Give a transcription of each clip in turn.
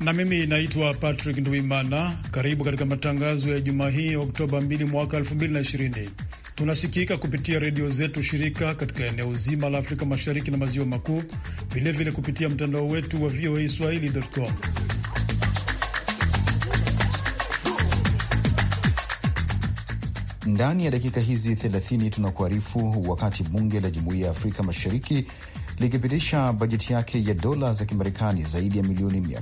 na mimi naitwa Patrick Ndwimana. Karibu katika matangazo ya juma hii Oktoba 2 mwaka 2020. Tunasikika kupitia redio zetu shirika katika eneo zima la Afrika Mashariki na Maziwa Makuu, vilevile kupitia mtandao wetu wa VOA Swahili.com. Ndani ya dakika hizi 30 tunakuarifu wakati bunge la Jumuiya ya Afrika Mashariki likipitisha bajeti yake ya dola za Kimarekani zaidi ya milioni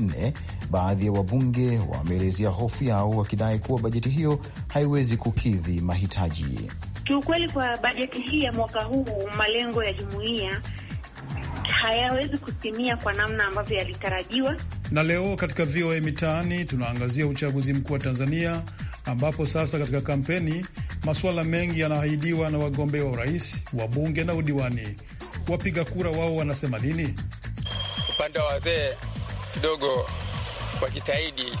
nne Baadhi ya wabunge wameelezea hofu yao wakidai kuwa bajeti hiyo haiwezi kukidhi mahitaji. Kiukweli, kwa bajeti hii ya mwaka huu malengo ya jumuiya hayawezi kutimia kwa namna ambavyo yalitarajiwa. Na leo katika VOA Mitaani tunaangazia uchaguzi mkuu wa Tanzania, ambapo sasa katika kampeni masuala mengi yanaahidiwa na wagombea wa urais, wabunge na udiwani wapiga kura wao wanasema nini? Upande wa wazee kidogo wajitahidi,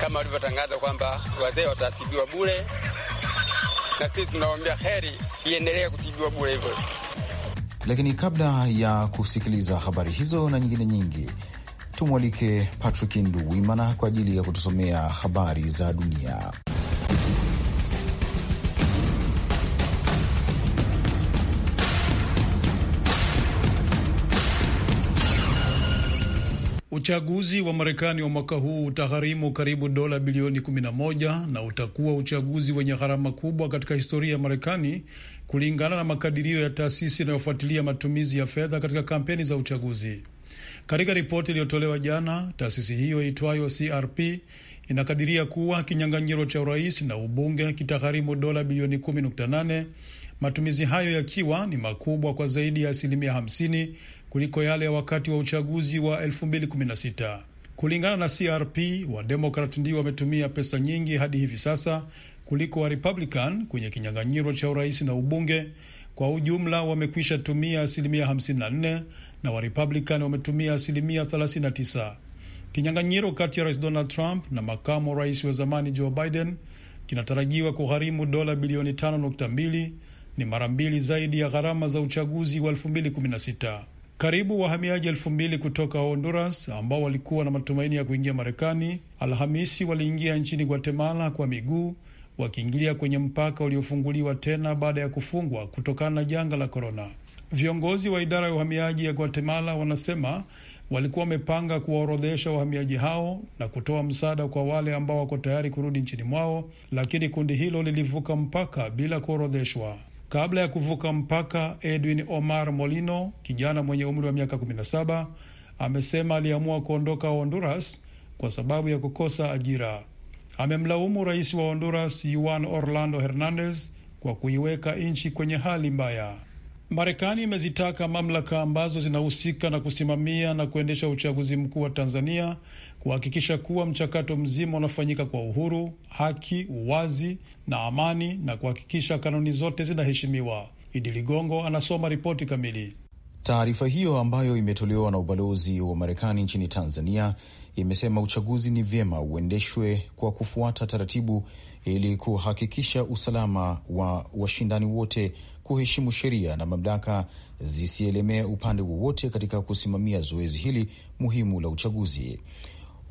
kama walivyotangaza kwamba wazee watatibiwa bure, na sisi tunaombea heri iendelee kutibiwa bure hivyo. Lakini kabla ya kusikiliza habari hizo na nyingine nyingi, tumwalike Patrick Nduwimana kwa ajili ya kutusomea habari za dunia. Uchaguzi wa Marekani wa mwaka huu utagharimu karibu dola bilioni 11 na utakuwa uchaguzi wenye gharama kubwa katika historia ya Marekani kulingana na makadirio ya taasisi inayofuatilia matumizi ya fedha katika kampeni za uchaguzi. Katika ripoti iliyotolewa jana, taasisi hiyo itwayo CRP inakadiria kuwa kinyang'anyiro cha urais na ubunge kitagharimu dola bilioni 10.8, matumizi hayo yakiwa ni makubwa kwa zaidi ya asilimia kuliko yale ya wakati wa uchaguzi wa 2016. Kulingana na CRP, Wademokrat ndio wametumia pesa nyingi hadi hivi sasa kuliko wa Republican kwenye kinyang'anyiro cha urais na ubunge. Kwa ujumla wamekwisha tumia asilimia 54 na wa Republican wametumia asilimia 39. Kinyang'anyiro kati ya rais Donald Trump na makamu rais wa zamani Joe Biden kinatarajiwa kugharimu dola bilioni 5.2, ni mara mbili zaidi ya gharama za uchaguzi wa 2016. Karibu wahamiaji elfu mbili kutoka Honduras ambao walikuwa na matumaini ya kuingia Marekani Alhamisi waliingia nchini Guatemala kwa miguu wakiingilia kwenye mpaka uliofunguliwa tena baada ya kufungwa kutokana na janga la korona. Viongozi wa idara ya uhamiaji ya Guatemala wanasema walikuwa wamepanga kuwaorodhesha wahamiaji hao na kutoa msaada kwa wale ambao wako tayari kurudi nchini mwao, lakini kundi hilo lilivuka mpaka bila kuorodheshwa. Kabla ya kuvuka mpaka, Edwin Omar Molino, kijana mwenye umri wa miaka 17, amesema aliamua kuondoka Honduras kwa sababu ya kukosa ajira. Amemlaumu rais wa Honduras Juan Orlando Hernandez kwa kuiweka nchi kwenye hali mbaya. Marekani imezitaka mamlaka ambazo zinahusika na kusimamia na kuendesha uchaguzi mkuu wa Tanzania kuhakikisha kuwa mchakato mzima unafanyika kwa uhuru, haki, uwazi na amani na kuhakikisha kanuni zote zinaheshimiwa. Idi Ligongo anasoma ripoti kamili. Taarifa hiyo ambayo imetolewa na ubalozi wa Marekani nchini Tanzania imesema uchaguzi ni vyema uendeshwe kwa kufuata taratibu ili kuhakikisha usalama wa washindani wote kuheshimu sheria na mamlaka zisielemea upande wowote katika kusimamia zoezi hili muhimu la uchaguzi.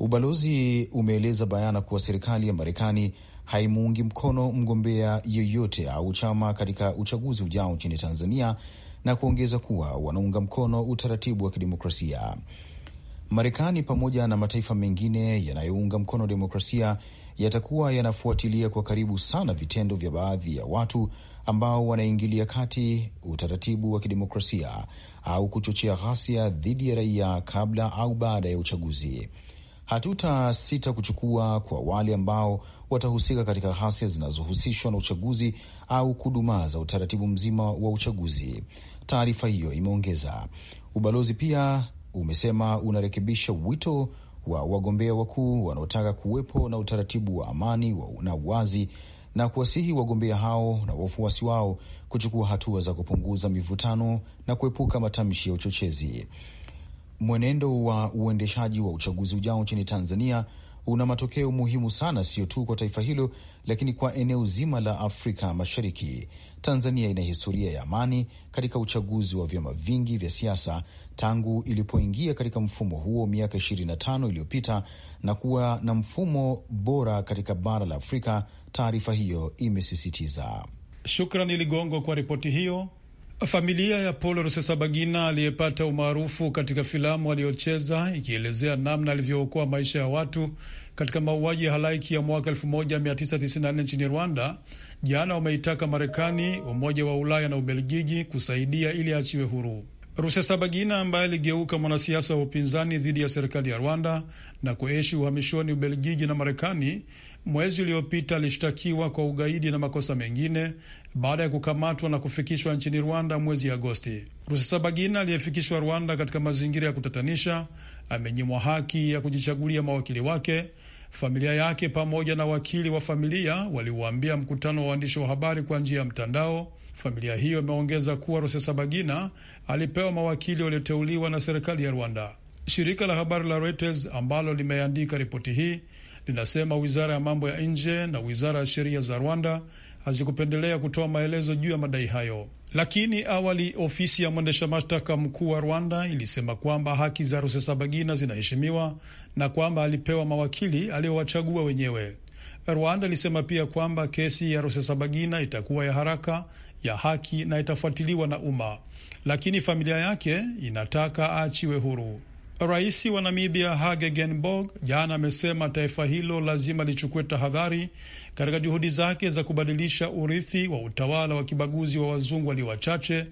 Ubalozi umeeleza bayana kuwa serikali ya Marekani haimuungi mkono mgombea yeyote au chama katika uchaguzi ujao nchini Tanzania na kuongeza kuwa wanaunga mkono utaratibu wa kidemokrasia. Marekani pamoja na mataifa mengine yanayounga mkono demokrasia yatakuwa yanafuatilia kwa karibu sana vitendo vya baadhi ya watu ambao wanaingilia kati utaratibu wa kidemokrasia au kuchochea ghasia dhidi ya raia kabla au baada ya uchaguzi. Hatutasita kuchukua kwa wale ambao watahusika katika ghasia zinazohusishwa na uchaguzi au kudumaza utaratibu mzima wa uchaguzi, taarifa hiyo imeongeza. Ubalozi pia umesema unarekebisha wito wa wagombea wakuu wanaotaka kuwepo na utaratibu wa amani na uwazi na kuwasihi wagombea hao na wafuasi wao kuchukua hatua za kupunguza mivutano na kuepuka matamshi ya uchochezi. Mwenendo wa uendeshaji wa uchaguzi ujao nchini Tanzania una matokeo muhimu sana, sio tu kwa taifa hilo, lakini kwa eneo zima la Afrika Mashariki. Tanzania ina historia ya amani katika uchaguzi wa vyama vingi vya siasa tangu ilipoingia katika mfumo huo miaka 25 iliyopita na kuwa na mfumo bora katika bara la Afrika, taarifa hiyo imesisitiza. Shukrani Ligongo kwa ripoti hiyo. Familia ya Paul Rusesabagina aliyepata umaarufu katika filamu aliyocheza ikielezea namna alivyookoa maisha ya watu katika mauaji ya halaiki ya mwaka 1994 nchini Rwanda, jana wameitaka Marekani, Umoja wa Ulaya na Ubelgiji kusaidia ili aachiwe huru. Rusesabagina ambaye aligeuka mwanasiasa wa upinzani dhidi ya serikali ya Rwanda na kuishi uhamishoni Ubelgiji na Marekani mwezi uliopita alishtakiwa kwa ugaidi na makosa mengine baada ya kukamatwa na kufikishwa nchini Rwanda mwezi Agosti. Rusesabagina aliyefikishwa Rwanda katika mazingira ya kutatanisha, amenyimwa haki ya kujichagulia mawakili wake. Familia yake pamoja na wakili wa familia waliuambia mkutano wa waandishi wa habari kwa njia ya mtandao. Familia hiyo imeongeza kuwa Rusesabagina alipewa mawakili walioteuliwa na serikali ya Rwanda. Shirika la habari la Reuters ambalo limeandika ripoti hii linasema wizara ya mambo ya nje na wizara ya sheria za Rwanda hazikupendelea kutoa maelezo juu ya madai hayo. Lakini awali ofisi ya mwendesha mashtaka mkuu wa Rwanda ilisema kwamba haki za Rusesabagina zinaheshimiwa na kwamba alipewa mawakili aliyowachagua wenyewe. Rwanda ilisema pia kwamba kesi ya Rusesabagina itakuwa ya haraka, ya haki na itafuatiliwa na umma, lakini familia yake inataka aachiwe huru. Rais wa Namibia Hage Geingob jana amesema taifa hilo lazima lichukue tahadhari katika juhudi zake za kubadilisha urithi wa utawala wa kibaguzi wa wazungu walio wachache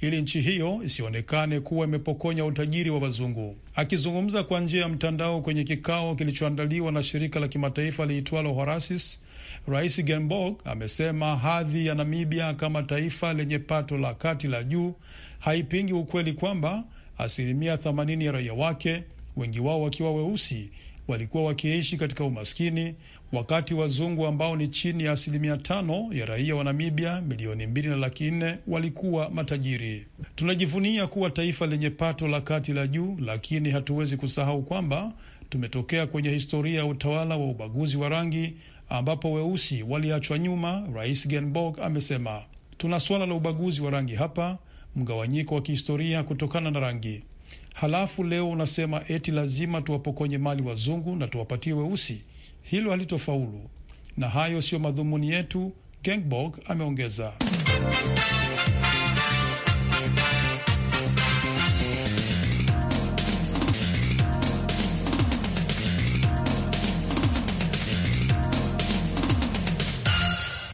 ili nchi hiyo isionekane kuwa imepokonya utajiri wa wazungu. Akizungumza kwa njia ya mtandao kwenye kikao kilichoandaliwa na shirika la kimataifa liitwalo horasis Rais Geingob amesema hadhi ya Namibia kama taifa lenye pato la kati la juu haipingi ukweli kwamba Asilimia 80 ya raia wake, wengi wao wakiwa weusi, walikuwa wakiishi katika umaskini, wakati wazungu ambao ni chini ya asilimia tano ya raia wa Namibia milioni mbili na laki nne walikuwa matajiri. Tunajivunia kuwa taifa lenye pato la kati la juu, lakini hatuwezi kusahau kwamba tumetokea kwenye historia ya utawala wa ubaguzi wa rangi ambapo weusi waliachwa nyuma, Rais Genborg amesema. Tuna suala la ubaguzi wa rangi hapa mgawanyiko wa kihistoria kutokana na rangi. Halafu leo unasema eti lazima tuwapokonye mali wazungu na tuwapatie weusi. Hilo halitofaulu, na hayo siyo madhumuni yetu, Gengborg ameongeza.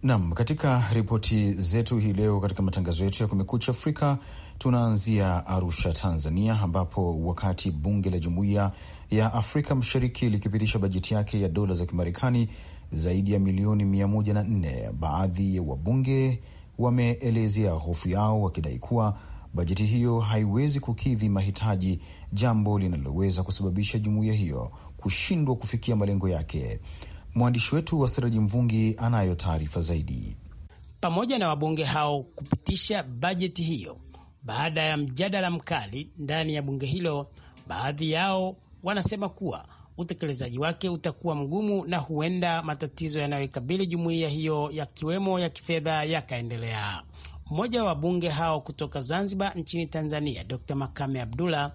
Nam, katika ripoti zetu hii leo katika matangazo yetu ya Kumekucha Afrika tunaanzia Arusha, Tanzania, ambapo wakati bunge la Jumuiya ya Afrika Mashariki likipitisha bajeti yake ya dola za Kimarekani zaidi ya milioni mia moja na nne, baadhi ya wabunge wameelezea hofu yao wakidai kuwa bajeti hiyo haiwezi kukidhi mahitaji, jambo linaloweza kusababisha jumuiya hiyo kushindwa kufikia malengo yake. Mwandishi wetu wa Seraji Mvungi anayo taarifa zaidi. Pamoja na wabunge hao kupitisha bajeti hiyo baada ya mjadala mkali ndani ya bunge hilo, baadhi yao wanasema kuwa utekelezaji wake utakuwa mgumu na huenda matatizo yanayoikabili jumuiya hiyo yakiwemo ya kifedha yakaendelea. Mmoja wa wabunge hao kutoka Zanzibar nchini Tanzania, Dr Makame Abdullah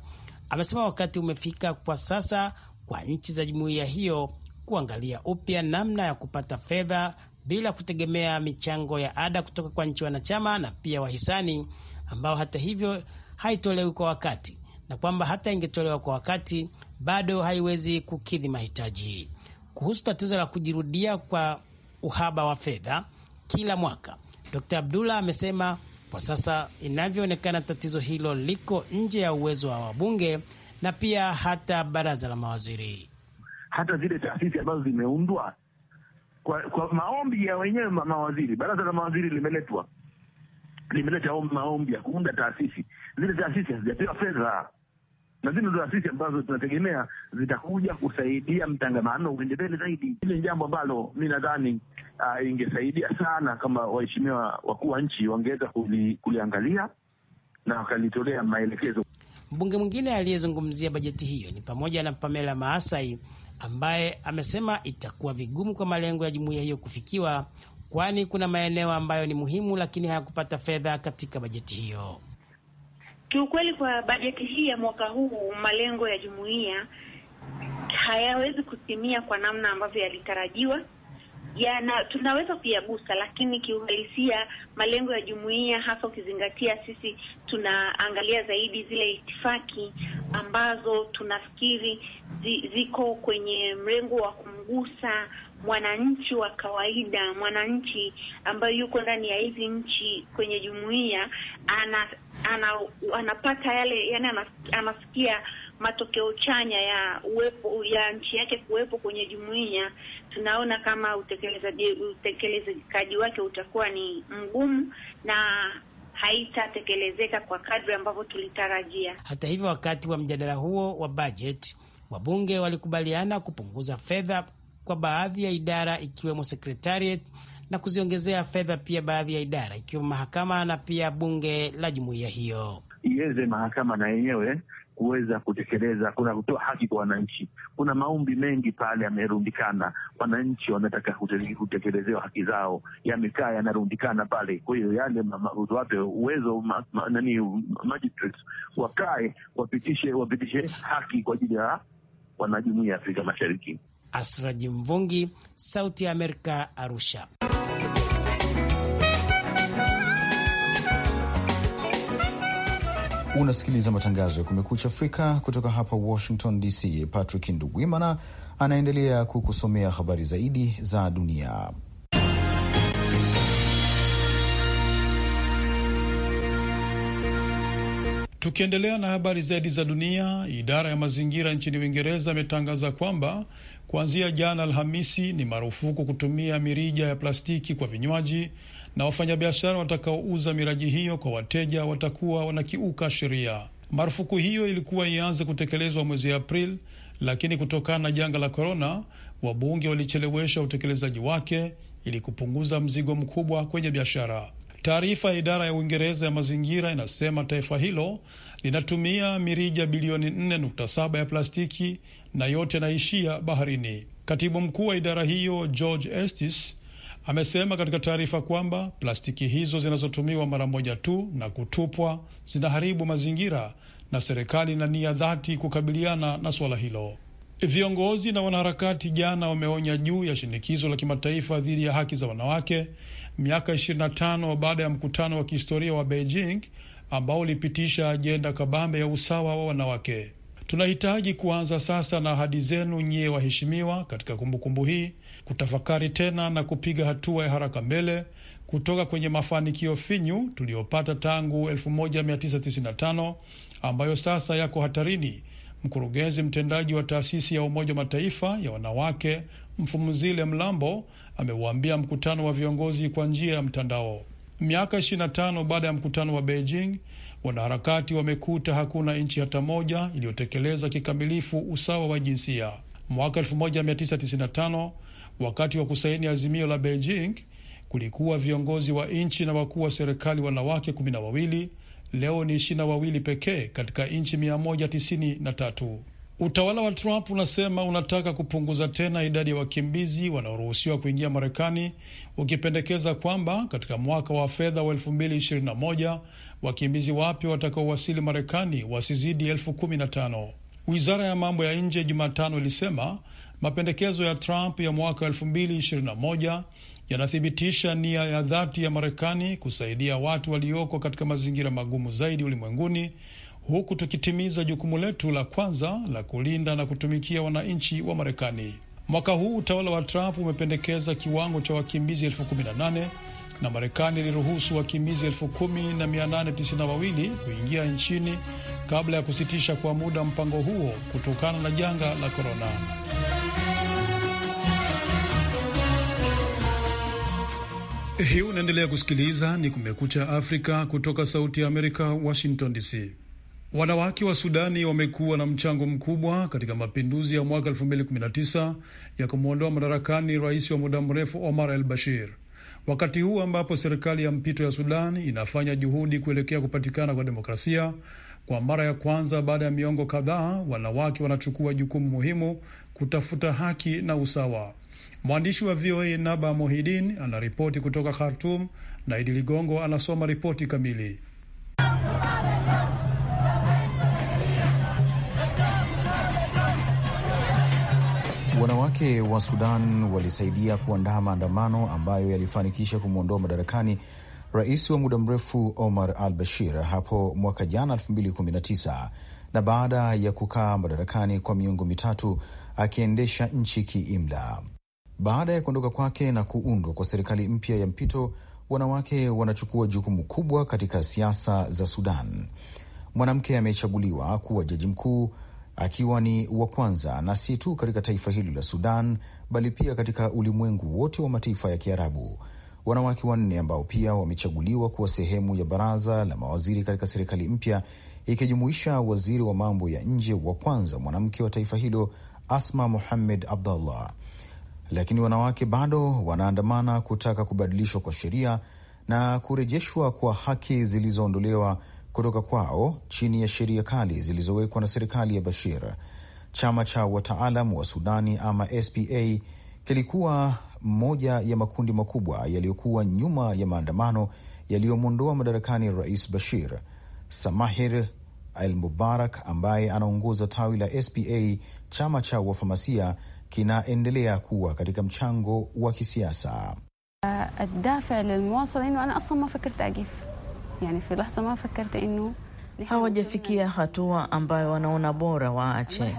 amesema wakati umefika kwa sasa kwa nchi za jumuiya hiyo kuangalia upya namna ya kupata fedha bila kutegemea michango ya ada kutoka kwa nchi wanachama na pia wahisani ambao hata hivyo haitolewi kwa wakati, na kwamba hata ingetolewa kwa wakati bado haiwezi kukidhi mahitaji. Kuhusu tatizo la kujirudia kwa uhaba wa fedha kila mwaka, Dr. Abdullah amesema kwa sasa inavyoonekana tatizo hilo liko nje ya uwezo wa wabunge na pia hata baraza la mawaziri hata zile taasisi ambazo zimeundwa kwa, kwa maombi ya wenyewe mawaziri. Baraza la mawaziri limeletwa limeleta maombi ya kuunda taasisi. Zile taasisi hazijapewa fedha, na zile taasisi ambazo tunategemea zitakuja kusaidia mtangamano uende mbele zaidi. Hili ni jambo ambalo mi nadhani uh, ingesaidia sana kama waheshimiwa wakuu wa nchi wangeweza kuli, kuliangalia na wakalitolea maelekezo. Mbunge mwingine aliyezungumzia bajeti hiyo ni pamoja na Pamela Maasai ambaye amesema itakuwa vigumu kwa malengo ya jumuiya hiyo kufikiwa, kwani kuna maeneo ambayo ni muhimu lakini hayakupata fedha katika bajeti hiyo. Kiukweli, kwa bajeti hii ya mwaka huu malengo ya jumuiya hayawezi kutimia kwa namna ambavyo yalitarajiwa yana tunaweza kuyagusa, lakini kiuhalisia malengo ya jumuiya, hasa ukizingatia sisi tunaangalia zaidi zile itifaki ambazo tunafikiri zi, ziko kwenye mrengo wa kumgusa mwananchi wa kawaida, mwananchi ambaye yuko ndani ya hizi nchi kwenye jumuiya, ana, ana, anapata yale yani anasikia matokeo chanya ya uwepo ya nchi yake kuwepo kwenye jumuiya, tunaona kama utekelezaji utekelezaji wake utakuwa ni mgumu na haitatekelezeka kwa kadri ambavyo tulitarajia. Hata hivyo, wakati wa mjadala huo wa bajeti, wabunge walikubaliana kupunguza fedha kwa baadhi ya idara ikiwemo sekretariat na kuziongezea fedha pia baadhi ya idara ikiwemo mahakama na pia bunge la jumuiya hiyo iweze mahakama na yenyewe kuweza kutekeleza, kuna kutoa haki kwa wananchi. Kuna maombi mengi pale yamerundikana, wananchi wanataka kutekelezewa haki zao, yamekaa yanarundikana pale. Kwa hiyo yale wape uwezo ma, ma, nani magistrates wakae wapitishe, wapitishe haki kwa ajili ya wanajumuia ya Afrika Mashariki. Asraji Mvungi, Sauti ya Amerika, Arusha. Unasikiliza matangazo ya Kumekucha Afrika kutoka hapa Washington DC. Patrick Nduwimana anaendelea kukusomea habari zaidi za dunia. Tukiendelea na habari zaidi za dunia, idara ya mazingira nchini Uingereza imetangaza kwamba kuanzia jana Alhamisi ni marufuku kutumia mirija ya plastiki kwa vinywaji na wafanyabiashara watakaouza miraji hiyo kwa wateja watakuwa wanakiuka sheria. Marufuku hiyo ilikuwa ianze kutekelezwa mwezi Aprili, lakini kutokana na janga la korona, wabunge walichelewesha utekelezaji wake ili kupunguza mzigo mkubwa kwenye biashara. Taarifa ya idara ya Uingereza ya mazingira inasema taifa hilo linatumia mirija bilioni 4.7 ya plastiki na yote yanaishia baharini. Katibu mkuu wa idara hiyo George Estes Amesema katika taarifa kwamba plastiki hizo zinazotumiwa mara moja tu na kutupwa zinaharibu mazingira na serikali ina nia dhati kukabiliana na suala hilo. Viongozi na wanaharakati jana wameonya juu ya shinikizo la kimataifa dhidi ya haki za wanawake miaka 25 baada ya mkutano wa kihistoria wa Beijing ambao ulipitisha ajenda kabambe ya usawa wa wanawake. Tunahitaji kuanza sasa na ahadi zenu nyie waheshimiwa, katika kumbukumbu hii kutafakari tena na kupiga hatua ya haraka mbele kutoka kwenye mafanikio finyu tuliyopata tangu 1995 ambayo sasa yako hatarini. Mkurugenzi mtendaji wa taasisi ya Umoja wa Mataifa ya wanawake Mfumuzile Mlambo ameuambia mkutano wa viongozi kwa njia ya mtandao. Miaka 25 baada ya mkutano wa Beijing, Wanaharakati wamekuta hakuna nchi hata moja iliyotekeleza kikamilifu usawa wa jinsia. Mwaka 1995 wakati wa kusaini azimio la Beijing, kulikuwa viongozi wa nchi na wakuu wa serikali wanawake kumi na wawili. Leo ni ishirini na wawili pekee katika nchi mia moja tisini na tatu. Utawala wa Trump unasema unataka kupunguza tena idadi ya wakimbizi wanaoruhusiwa kuingia Marekani, ukipendekeza kwamba katika mwaka wa fedha wa 2021 wakimbizi wapya watakaowasili Marekani wasizidi elfu kumi na tano. Wizara ya mambo ya nje Jumatano ilisema mapendekezo ya Trump ya mwaka 2021 yanathibitisha nia ya dhati ya Marekani kusaidia watu walioko katika mazingira magumu zaidi ulimwenguni huku tukitimiza jukumu letu la kwanza la kulinda na kutumikia wananchi wa Marekani. Mwaka huu utawala wa Trump umependekeza kiwango cha wakimbizi elfu kumi na nane na Marekani iliruhusu wakimbizi elfu kumi na mia nane tisini na wawili kuingia nchini kabla ya kusitisha kwa muda mpango huo kutokana na janga la korona. Hii unaendelea kusikiliza ni Kumekucha Afrika kutoka Sauti ya Amerika, Washington DC. Wanawake wa Sudani wamekuwa na mchango mkubwa katika mapinduzi ya mwaka 2019 ya kumwondoa madarakani rais wa muda mrefu Omar al Bashir. Wakati huu ambapo serikali ya mpito ya Sudan inafanya juhudi kuelekea kupatikana kwa demokrasia, kwa mara ya kwanza baada ya miongo kadhaa, wanawake wanachukua jukumu muhimu kutafuta haki na usawa. Mwandishi wa VOA Naba Mohidin anaripoti kutoka Khartum na Idi Ligongo anasoma ripoti kamili. wanawake wa Sudan walisaidia kuandaa maandamano ambayo yalifanikisha kumwondoa madarakani rais wa muda mrefu Omar al Bashir hapo mwaka jana 2019 na baada ya kukaa madarakani kwa miongo mitatu akiendesha nchi kiimla. Baada ya kuondoka kwake na kuundwa kwa serikali mpya ya mpito, wanawake wanachukua jukumu kubwa katika siasa za Sudan. Mwanamke amechaguliwa kuwa jaji mkuu akiwa ni wa kwanza na si tu katika taifa hili la Sudan bali pia katika ulimwengu wote wa mataifa ya Kiarabu. Wanawake wanne ambao pia wamechaguliwa kuwa sehemu ya baraza la mawaziri katika serikali mpya ikijumuisha waziri wa mambo ya nje wa kwanza mwanamke wa taifa hilo Asma muhammed Abdallah. Lakini wanawake bado wanaandamana kutaka kubadilishwa kwa sheria na kurejeshwa kwa haki zilizoondolewa kutoka kwao chini ya sheria kali zilizowekwa na serikali ya Bashir. Chama cha wataalam wa Sudani ama SPA kilikuwa moja ya makundi makubwa yaliyokuwa nyuma ya maandamano yaliyomwondoa madarakani Rais Bashir. Samahir Al Mubarak ambaye anaongoza tawi la SPA, chama cha wafamasia, kinaendelea kuwa katika mchango wa kisiasa yani fi lahza ma fakarta innu hawajafikia hatua ambayo wanaona bora waache.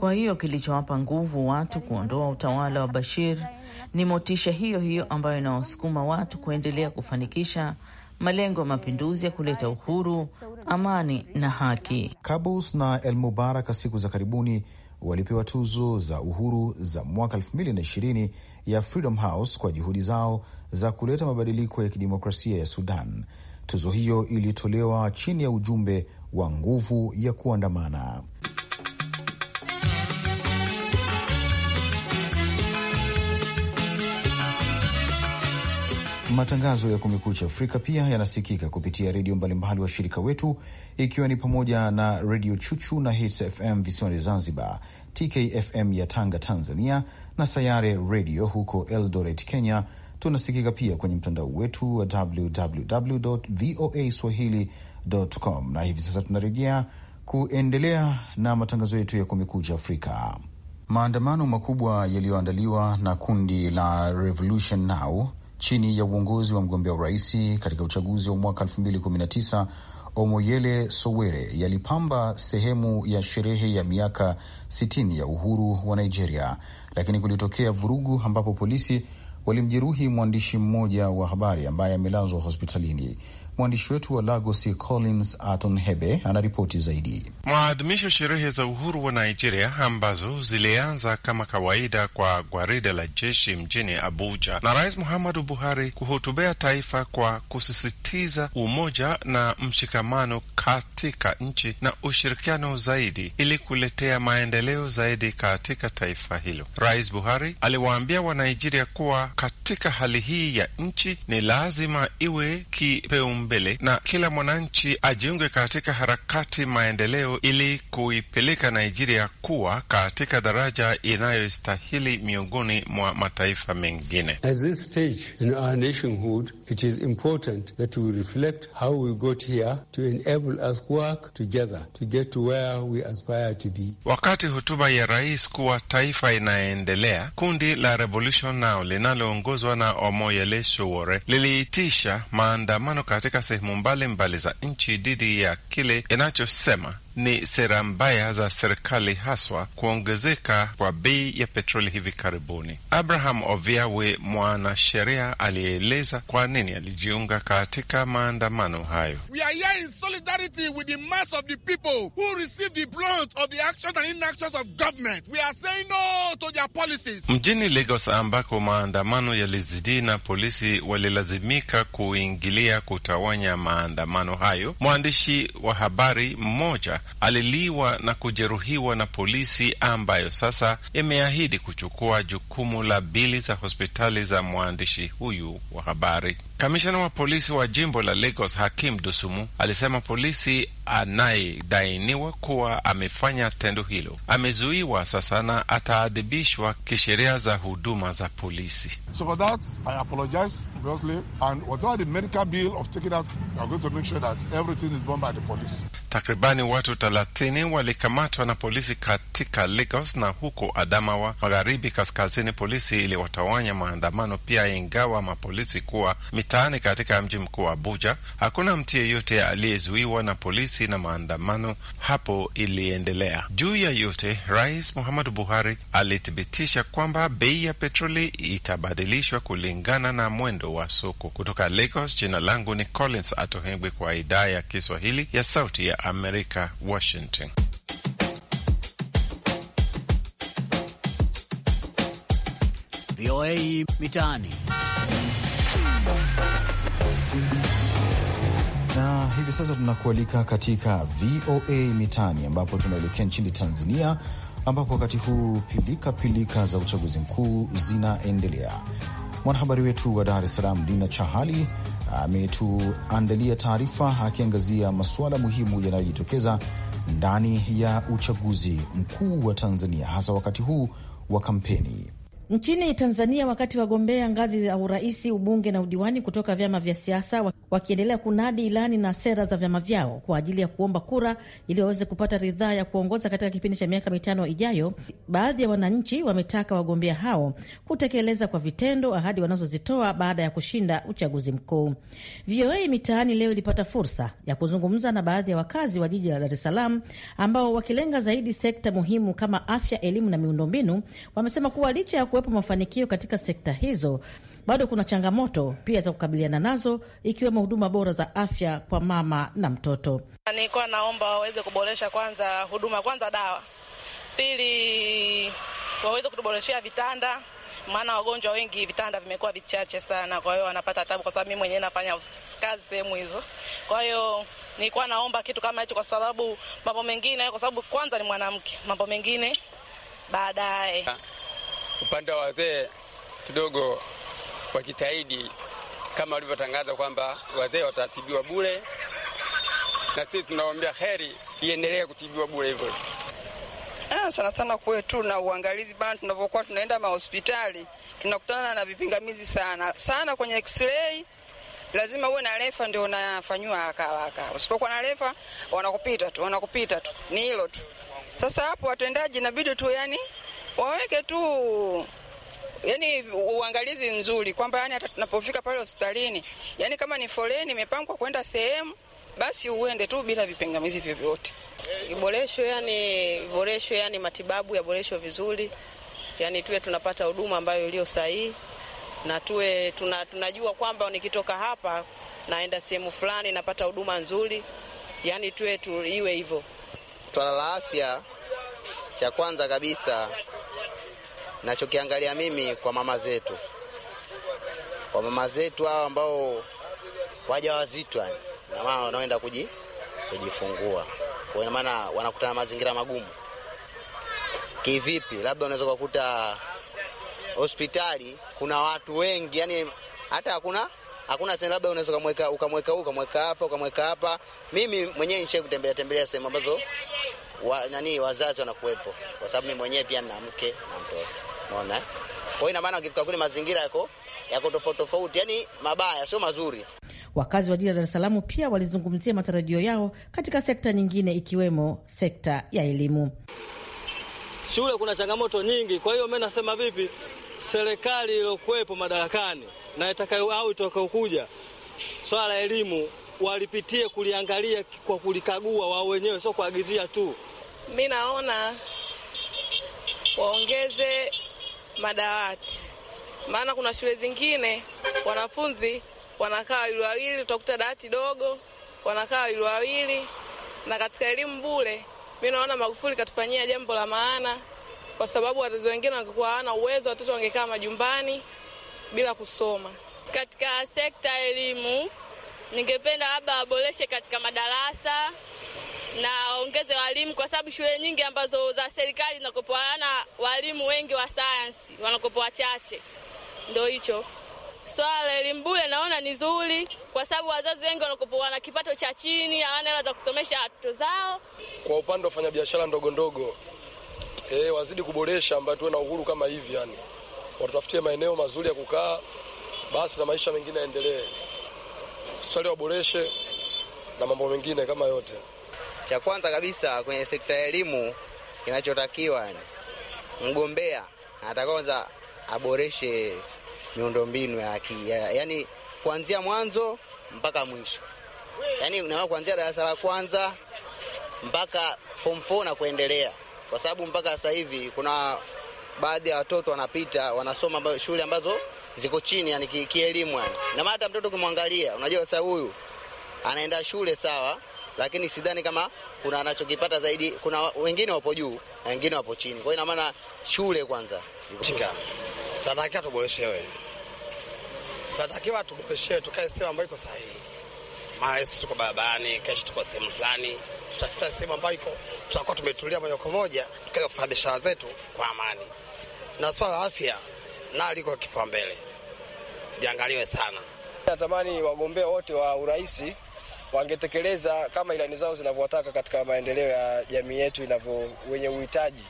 Kwa hiyo kilichowapa nguvu watu kuondoa utawala wa Bashir ni motisha hiyo hiyo ambayo inawasukuma watu kuendelea kufanikisha malengo ya mapinduzi ya kuleta uhuru, amani na haki. Kabus na El mubarak siku za karibuni walipewa tuzo za uhuru za mwaka 2020 ya Freedom House kwa juhudi zao za kuleta mabadiliko ya kidemokrasia ya Sudan. Tuzo hiyo ilitolewa chini ya ujumbe wa nguvu ya kuandamana. Matangazo ya Kumekucha Afrika pia yanasikika kupitia redio mbalimbali washirika wetu, ikiwa ni pamoja na Redio Chuchu na Hits FM visiwani Zanzibar, TKFM ya Tanga, Tanzania, na Sayare Redio huko Eldoret, Kenya, Tunasikika pia kwenye mtandao wetu wa www voa swahili.com, na hivi sasa tunarejea kuendelea na matangazo yetu ya Kumekucha Afrika. Maandamano makubwa yaliyoandaliwa na kundi la Revolution Now chini ya uongozi wa mgombea urais katika uchaguzi wa mwaka 2019 Omoyele sowere yalipamba sehemu ya sherehe ya miaka 60 ya uhuru wa Nigeria, lakini kulitokea vurugu ambapo polisi walimjeruhi mwandishi mmoja wa habari ambaye amelazwa hospitalini. Mwandishi wetu wa Lagos Collins Aton Hebe anaripoti zaidi. Maadhimisho sherehe za uhuru wa Nigeria ambazo zilianza kama kawaida kwa gwaride la jeshi mjini Abuja na Rais Muhammadu Buhari kuhutubia taifa kwa kusisitiza umoja na mshikamano katika nchi na ushirikiano zaidi ili kuletea maendeleo zaidi katika taifa hilo. Rais Buhari aliwaambia Wanaijeria kuwa katika hali hii ya nchi ni lazima iwe kipeu kipaumbele na kila mwananchi ajiunge katika harakati maendeleo ili kuipeleka Nigeria kuwa katika daraja inayostahili miongoni mwa mataifa mengine. Wakati hotuba ya rais kuwa taifa inaendelea, kundi la Revolution Now linaloongozwa na Omoyele Sowore liliitisha maandamano katika katika sehemu mbalimbali za nchi dhidi ya kile inachosema ni sera mbaya za serikali, haswa kuongezeka kwa bei ya petroli hivi karibuni. Abraham Oviawe, mwanasheria aliyeeleza kwa nini alijiunga katika maandamano hayo. Mjini Lagos ambako maandamano yalizidi na polisi walilazimika kuingilia kutawanya maandamano hayo, mwandishi wa habari mmoja aliliwa na kujeruhiwa na polisi, ambayo sasa imeahidi kuchukua jukumu la bili za hospitali za mwandishi huyu wa habari. Kamishna wa polisi wa jimbo la Lagos Hakim Dusumu alisema polisi anayedainiwa kuwa amefanya tendo hilo amezuiwa sasa na ataadhibishwa kisheria za huduma za polisi. So for that, I apologize and whatever the medical bill of taking out, we are going to make sure that everything is done by the police. Takribani watu thelathini walikamatwa na polisi katika Lagos na huko Adamawa Magharibi kaskazini. Polisi iliwatawanya maandamano pia, ingawa mapolisi kuwa mita mtaani katika mji mkuu wa Abuja, hakuna mtu yeyote aliyezuiwa na polisi na maandamano hapo iliendelea. Juu ya yote, Rais Muhammadu Buhari alithibitisha kwamba bei ya petroli itabadilishwa kulingana na mwendo wa soko. Kutoka Lagos, jina langu ni Collins Atohengwi kwa idhaa ya Kiswahili ya Sauti ya Amerika, Washington. VOA Mitaani na hivi sasa tunakualika katika VOA Mitaani, ambapo tunaelekea nchini Tanzania, ambapo wakati huu pilika pilika za uchaguzi mkuu zinaendelea. Mwanahabari wetu wa Dar es Salaam, Dina Chahali, ametuandalia taarifa akiangazia masuala muhimu yanayojitokeza ndani ya uchaguzi mkuu wa Tanzania, hasa wakati huu wa kampeni. Nchini Tanzania, wakati wagombea ngazi za uraisi, ubunge na udiwani kutoka vyama vya siasa wakiendelea kunadi ilani na sera za vyama vyao kwa ajili ya kuomba kura ili waweze kupata ridhaa ya kuongoza katika kipindi cha miaka mitano ijayo, baadhi ya wananchi wametaka wagombea hao kutekeleza kwa vitendo ahadi wanazozitoa baada ya kushinda uchaguzi mkuu. VOA Mitaani leo ilipata fursa ya kuzungumza na baadhi ya wakazi wa jiji la Dar es Salaam ambao wakilenga zaidi sekta muhimu kama afya, elimu na miundombinu, wamesema kuwa licha ya kuwepo mafanikio katika sekta hizo, bado kuna changamoto pia za kukabiliana nazo, ikiwemo huduma bora za afya kwa mama na mtoto. Nilikuwa naomba waweze kuboresha kwanza huduma, kwanza dawa, pili waweze kutuboreshea vitanda maana wagonjwa wengi vitanda vimekuwa vichache sana, kwa hiyo wanapata tabu, kwa sababu mimi mwenyewe nafanya kazi sehemu hizo. Kwa hiyo nilikuwa naomba kitu kama hicho, kwa sababu mambo mengine, kwa sababu kwanza ni mwanamke, mambo mengine baadaye upande wa wazee kidogo wajitahidi kama walivyotangaza kwamba wazee watatibiwa bure, na sisi tunaombea heri iendelee kutibiwa bure hivyo. Ah, sana sana kwetu na uangalizi bana, tunavyokuwa tunaenda mahospitali tunakutana na vipingamizi sana sana. Kwenye x-ray lazima uwe na refa ndio unafanyiwa haraka haraka, usipokuwa na refa wanakupita tu wanakupita tu, ni hilo tu. Sasa hapo watendaji inabidi tu yani waweke tu yani uangalizi mzuri kwamba yani hata tunapofika pale hospitalini, yani kama ni foleni imepangwa kwenda sehemu, basi uende tu bila vipingamizi vyovyote. iboresho yani, iboresho yani, matibabu yaboreshwe vizuri, yani tuwe tunapata huduma ambayo iliyo sahihi na tuwe tuna, tunajua kwamba nikitoka hapa naenda sehemu fulani napata huduma nzuri, yani tuwe tu, iwe hivyo. Swala la afya cha kwanza kabisa nachokiangalia mimi kwa mama zetu, kwa mama zetu hao ambao wazito, yani na mama wanaoenda kuji, kujifungua, kwa maana wanakutana mazingira magumu kivipi, labda unaweza kukuta hospitali kuna watu wengi, yani hata hakuna hakuna sehemu labda unaweza ukamweka ukamweka huko ukamweka hapa ukamweka hapa. Mimi mwenyewe nishe kutembelea tembelea sehemu ambazo wa, nani wazazi wanakuwepo, kwa sababu mimi mwenyewe pia nina mke na mtoto. Unaona? Kwa hiyo ina maana ukifika kule mazingira yako yako tofauti tofauti, yani mabaya sio mazuri. Wakazi wa jiji la Dar es Salaam pia walizungumzia matarajio yao katika sekta nyingine ikiwemo sekta ya elimu. Shule kuna changamoto nyingi, kwa hiyo mimi nasema vipi, serikali iliyokuwepo madarakani na itakayo au itakayokuja, swala la elimu walipitie kuliangalia kwa kulikagua wao wenyewe, sio kuagizia tu. Mimi naona waongeze madawati, maana kuna shule zingine wanafunzi wanakaa wawili wawili, utakuta dawati dogo wanakaa wawili wawili, na katika elimu bure. Mi naona Magufuli katufanyia jambo la maana, kwa sababu wazazi wengine wangekuwa hawana uwezo, watoto wangekaa majumbani bila kusoma. Katika sekta ya elimu, ningependa labda waboreshe katika madarasa na waongeze walimu, kwa sababu shule nyingi ambazo za serikali zinakopoana walimu wengi wa sayansi, wanakopa wachache. Ndo hicho swala la elimu bure naona ni zuri, kwa sababu wazazi wengi wanakopa wana kipato cha chini, hawana hela za kusomesha watoto zao. Kwa upande wa wafanyabiashara ndogo ndogo, eh, wazidi kuboresha, ambayo tuwe na uhuru kama hivi, yani watutafutie maeneo mazuri ya kukaa, basi na maisha mengine yaendelee. Hospitali waboreshe na mambo mengine kama yote. Cha kwanza kabisa kwenye sekta ya elimu, kinachotakiwa mgombea anataka kwanza aboreshe miundombinu ya ya, yani kuanzia mwanzo mpaka mwisho, yani unaona kuanzia darasa la kwanza mpaka form 4 na kuendelea, kwa sababu mpaka sasa hivi kuna baadhi ya watoto wanapita wanasoma shule ambazo ziko chini yani kielimu ki yani, na hata mtoto ukimwangalia, unajua sasa huyu anaenda shule sawa lakini sidhani kama kuna anachokipata zaidi. Kuna wengine wapo juu na wengine wapo chini, kwa hiyo ina maana shule kwanza tunatakiwa tuboreshewe, tunatakiwa tuboreshewe, tukae sehemu ambayo iko sahihi. Maana tuko barabarani, kesho tuko sehemu fulani, tutafuta sehemu ambayo iko tutakuwa tumetulia moja kwa moja, tukaweza kufanya biashara zetu kwa amani, na swala la afya na liko mbele, liangaliwe sana. Natamani wagombea wote wa urais wangetekeleza kama ilani zao zinavyotaka katika maendeleo ya jamii yetu inavyo wenye uhitaji.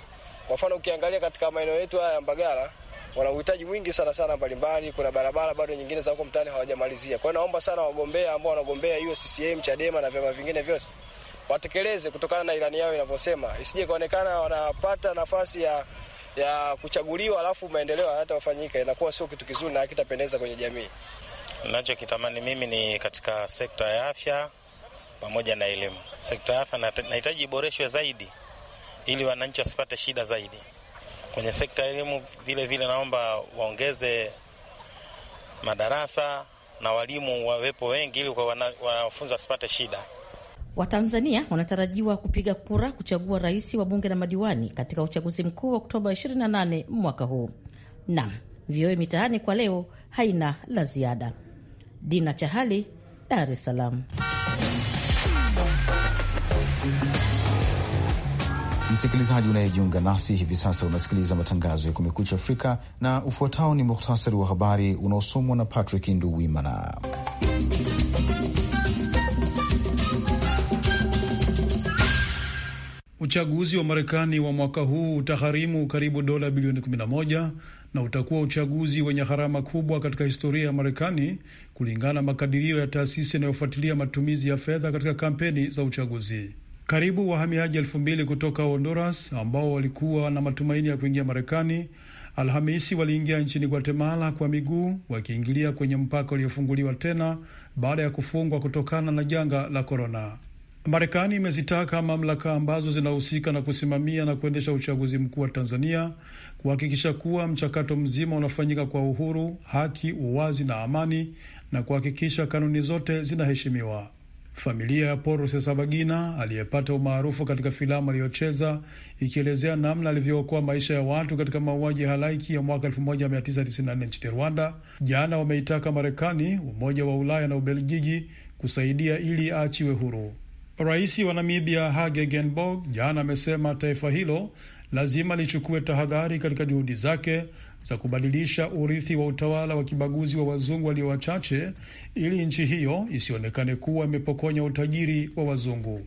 Kwa mfano, ukiangalia katika maeneo yetu haya ya Mbagala wana uhitaji mwingi sana sana mbalimbali. Kuna barabara bado nyingine za huko mtaani hawajamalizia. Kwa hiyo naomba sana wagombea ambao wanagombea hiyo CCM, Chadema na vyama vingine vyote watekeleze kutokana na ilani yao inavyosema, isije kuonekana wanapata nafasi ya ya kuchaguliwa alafu maendeleo hayatafanyika. Inakuwa sio kitu kizuri na hakitapendeza kwenye jamii. Ninachokitamani mimi ni katika sekta ya afya pamoja na elimu. Sekta ya afya nahitaji iboreshwe zaidi, ili wananchi wasipate shida zaidi. Kwenye sekta ya elimu vile vile, naomba waongeze madarasa na walimu wawepo wengi, ili wanafunzi wasipate shida. Watanzania wanatarajiwa kupiga kura kuchagua rais wa bunge na madiwani katika uchaguzi mkuu wa Oktoba 28 mwaka huu. Naam, VOA Mitaani kwa leo haina la ziada. Dina Chahali, Dar es Salaam. Msikilizaji unayejiunga nasi hivi sasa, unasikiliza matangazo ya Kumekucha Afrika na ufuatao ni muhtasari wa habari unaosomwa na Patrick Nduwimana. Uchaguzi wa Marekani wa mwaka huu utagharimu karibu dola bilioni 11 na utakuwa uchaguzi wenye gharama kubwa katika historia ya Marekani kulingana na makadirio ya taasisi inayofuatilia matumizi ya fedha katika kampeni za uchaguzi. Karibu wahamiaji elfu mbili kutoka Honduras ambao walikuwa na matumaini ya kuingia Marekani Alhamisi waliingia nchini Guatemala kwa miguu wakiingilia kwenye mpaka uliofunguliwa tena baada ya kufungwa kutokana na janga la korona. Marekani imezitaka mamlaka ambazo zinahusika na kusimamia na kuendesha uchaguzi mkuu wa Tanzania kuhakikisha kuwa mchakato mzima unafanyika kwa uhuru, haki, uwazi na amani na kuhakikisha kanuni zote zinaheshimiwa. Familia ya Paul Rusesabagina aliyepata umaarufu katika filamu aliyocheza ikielezea namna alivyookoa maisha ya watu katika mauaji halaiki ya mwaka 1994 nchini Rwanda, jana wameitaka Marekani, Umoja wa Ulaya na Ubelgiji kusaidia ili aachiwe huru. Rais wa Namibia Hage Geingob jana amesema taifa hilo lazima lichukue tahadhari katika juhudi zake za kubadilisha urithi wa utawala wa kibaguzi wa wazungu walio wachache ili nchi hiyo isionekane kuwa imepokonya utajiri wa wazungu.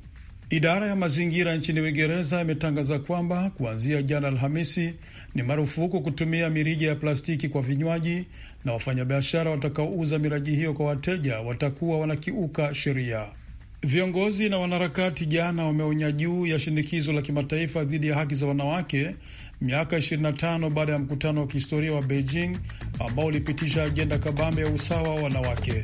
Idara ya mazingira nchini Uingereza imetangaza kwamba kuanzia jana Alhamisi ni marufuku kutumia mirija ya plastiki kwa vinywaji, na wafanyabiashara watakaouza miraji hiyo kwa wateja watakuwa wanakiuka sheria. Viongozi na wanaharakati jana wameonya juu ya shinikizo la kimataifa dhidi ya haki za wanawake miaka 25 baada ya mkutano wa kihistoria wa Beijing ambao ulipitisha ajenda kabambe ya usawa wa wanawake.